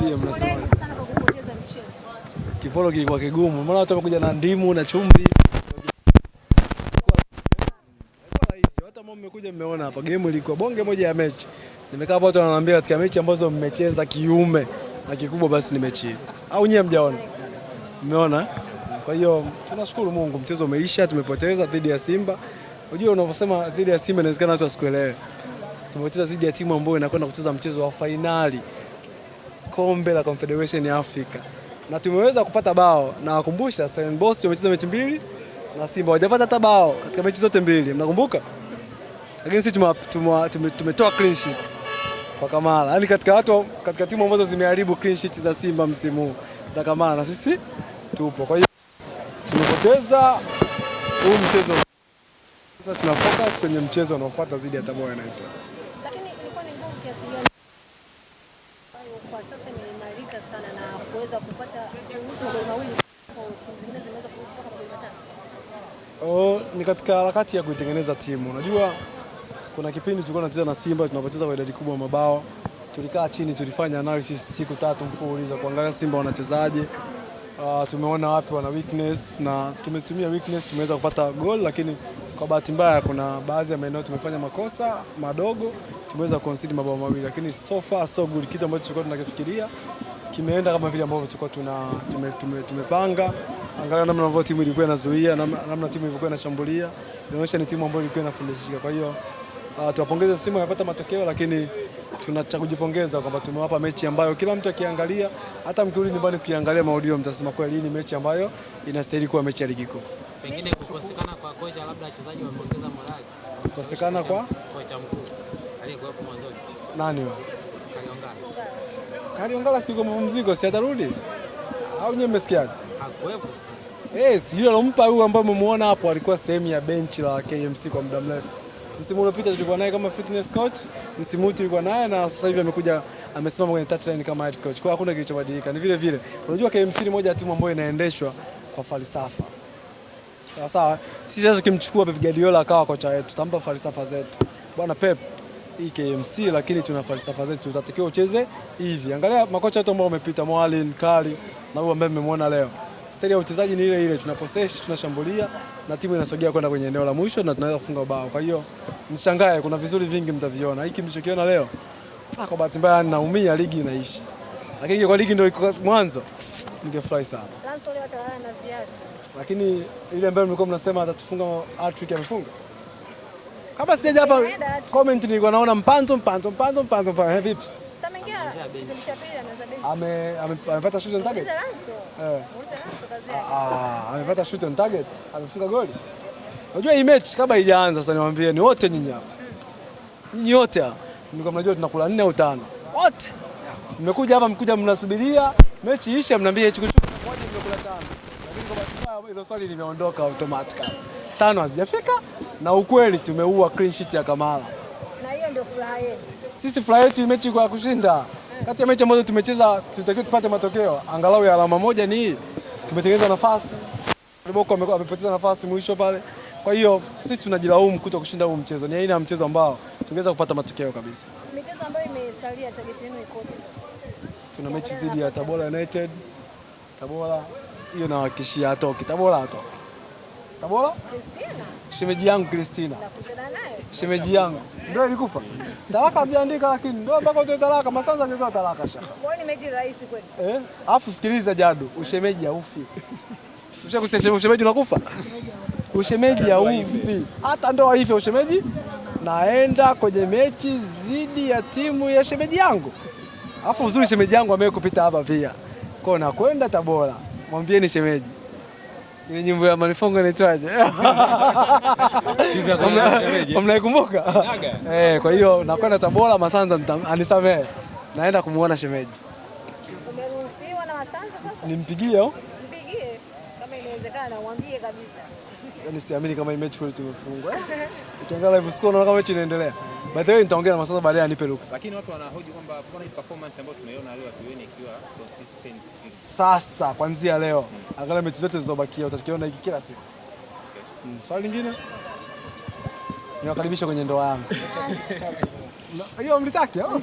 pia mnasema kipolo kilikuwa kigumu, maana watu wamekuja na ndimu na chumvi. Watu ambao mmekuja mmeona hapa, game ilikuwa bonge moja ya mechi. Nimekaa hapa, watu wananiambia katika mechi ambazo mmecheza kiume na kikubwa, basi ni mechi au nyie mjaona? Mmeona? Kwa hiyo tunashukuru Mungu, mchezo umeisha, tumepoteza dhidi ya Simba. Unajua, unaposema dhidi ya Simba inawezekana watu wasikuelewe. Tumepoteza dhidi ya timu ambayo inakwenda kucheza mchezo wa fainali kombe la Confederation ya Afrika na tumeweza kupata bao, na wakumbusha Stellenbosch wamecheza mechi mbili na Simba hawajapata hata bao katika mechi zote mbili, mnakumbuka? Lakini sisi tumetoa clean sheet kwa Kamara, yaani katika watu, katika timu ambazo zimeharibu clean sheet za Simba msimu huu za Kamara na sisi tupo. Kwa hiyo tumepoteza huu mchezo, sasa tuna focus kwenye mchezo unaofuata zidi ya Tabora United. kupata Oh, ni katika harakati ya kuitengeneza timu. Unajua kuna kipindi tulikuwa tunacheza na Simba tunapoteza kwa idadi kubwa mabao, tulikaa chini, tulifanya analysis siku tatu mfululizo kuangalia Simba wanachezaje, uh, tumeona wapi wana weakness na tumetumia weakness, tumeweza kupata goal, lakini kwa bahati mbaya kuna baadhi ya maeneo tumefanya makosa madogo, tumeweza concede mabao mawili, lakini so far so good, kitu ambacho tulikuwa tunakifikiria kimeenda kama vile ambavyo tulikuwa tuna tumepanga tume, tume, angalau namna ambavyo timu ilikuwa inazuia, namna namna timu ilikuwa inashambulia, inaonyesha ni timu ambayo ilikuwa inafundishika. Kwa hiyo uh, tuwapongeze Simba amepata matokeo, lakini tuna cha kujipongeza kwamba tumewapa mechi ambayo kila mtu akiangalia, hata mkirudi nyumbani kiangalia maudio, mtasema kweli hii ni mechi ambayo inastahili kuwa mechi ya ligi kuu. Pengine kukosekana kwa kocha, labda wachezaji wameongeza morali. Kukosekana kwa kocha mkuu aliyekuwa hapo mwanzo, nani huyo? Kaliongana Kaliongala si uko mapumziko, si atarudi? Au nyewe mmesikiaje? Hakuwepo. Eh, si yule alompa huyu ambaye umemuona hapo alikuwa sehemu ya benchi la KMC kwa muda mrefu. Msimu uliopita tulikuwa naye kama fitness coach, msimu huu tulikuwa naye na sasa hivi amekuja amesimama kwenye touch line kama head coach. Kwa hakuna kilichobadilika. Ni vile vile. Unajua KMC ni moja ya timu ambayo inaendeshwa kwa falsafa. Sawa sawa. Sisi sasa kimchukua Pep Guardiola akawa kocha wetu, tampa falsafa zetu. Bwana Pep hii KMC, lakini tuna falsafa zetu, tutatakiwa ucheze hivi. Angalia makocha wote ambao wamepita, Mwalin Kali na huyu ambaye mmemwona leo, staili ya uchezaji ni ile ile, tuna possess, tunashambulia na timu inasogea kwenda kwenye eneo la mwisho na tunaweza kufunga bao. Kwa hiyo mshangae, kuna vizuri vingi mtaviona. Hiki mlichokiona leo, ah, kwa bahati mbaya ninaumia, ligi inaisha, lakini kwa ligi ndio iko mwanzo, ningefurahi sana lakini ile ambayo mlikuwa mnasema atatufunga hat-trick amefunga Kabla sijaja hapa comment nilikuwa naona mpanzo mpanzo mpanzo mpanzo mpanzo vipi? amepata shoot on target. Eh. Ah, ah, amepata shoot on target. Amefunga goli. Unajua hii mechi kabla haijaanza sasa niwaambie ni wote nyinyi hapa. Hmm. Nyinyi wote hapa. Mlikuwa mnajua tunakula 4 au 5. Wote. Mmekuja hapa mkuja mnasubiria mechi isha mnaambia hichi kuchukua moja mlikuwa tano. Lakini kwa sababu hilo swali limeondoka automatically. Tano hazijafika na ukweli tumeua clean sheet ya Kamara, na hiyo ndio furaha yetu sisi. Furaha yetu mechi kwa kushinda eh. kati ya mechi ambazo tumecheza tulitakiwa tupate matokeo angalau ya alama moja. Ni hii tumetengeneza nafasi, Liboko amepoteza nafasi mwisho pale. Kwa hiyo sisi tunajilaumu kuto kushinda huu mchezo. Ni aina ya mchezo ambao tungeweza kupata matokeo kabisa. Michezo ambayo imesalia, target yenu wapi? Tuna mechi dhidi ya Tabora United. Tabora hiyo nawahakikishia hatoki. Tabora hatoki. Tabora shemeji yangu Kristina, shemeji yangu ndio ilikufa talaka, ajiandika lakini ndio mpaka utoe talaka. Masanza hajatoa talaka shaka. Kwa nini meji rais kweli? Eh, afu sikiliza jadu, ushemeji haufi. Ushakusema ushemeji unakufa? Ushemeji haufi, hata ndoa hivyo ushemeji. Naenda kwenye mechi zidi ya timu ya shemeji yangu, afu uzuri shemeji yangu amewekupita hapa pia kwao, nakwenda Tabora, mwambieni shemeji ile nyimbo ya Malifongo inaitwaje? Mnaikumbuka? Eh, kwa hiyo nakwenda Tabora Masanza anisamehe. Naenda kumuona shemeji. Umeruhusiwa na Masanza sasa? Nimpigie au? Oh. Mpigie. Kama inawezekana uambie kabisa. Yaani siamini kama imechukua tu kufungwa. Ukiangalia hivi sikuona kama mechi inaendelea. By the way nitaongea na Masasa baadaye anipe ruhusa. Lakini watu wanahoji kwamba mbona hii performance ambayo tumeiona leo hatuioni ikiwa consistent. Sasa kuanzia leo hmm, angalia mechi zote zilizobakia utakiona hiki kila siku. Okay. Hmm. Swali lingine? Niwakaribisha kwenye ndoa yangu. Hiyo mlitaki au? Eh?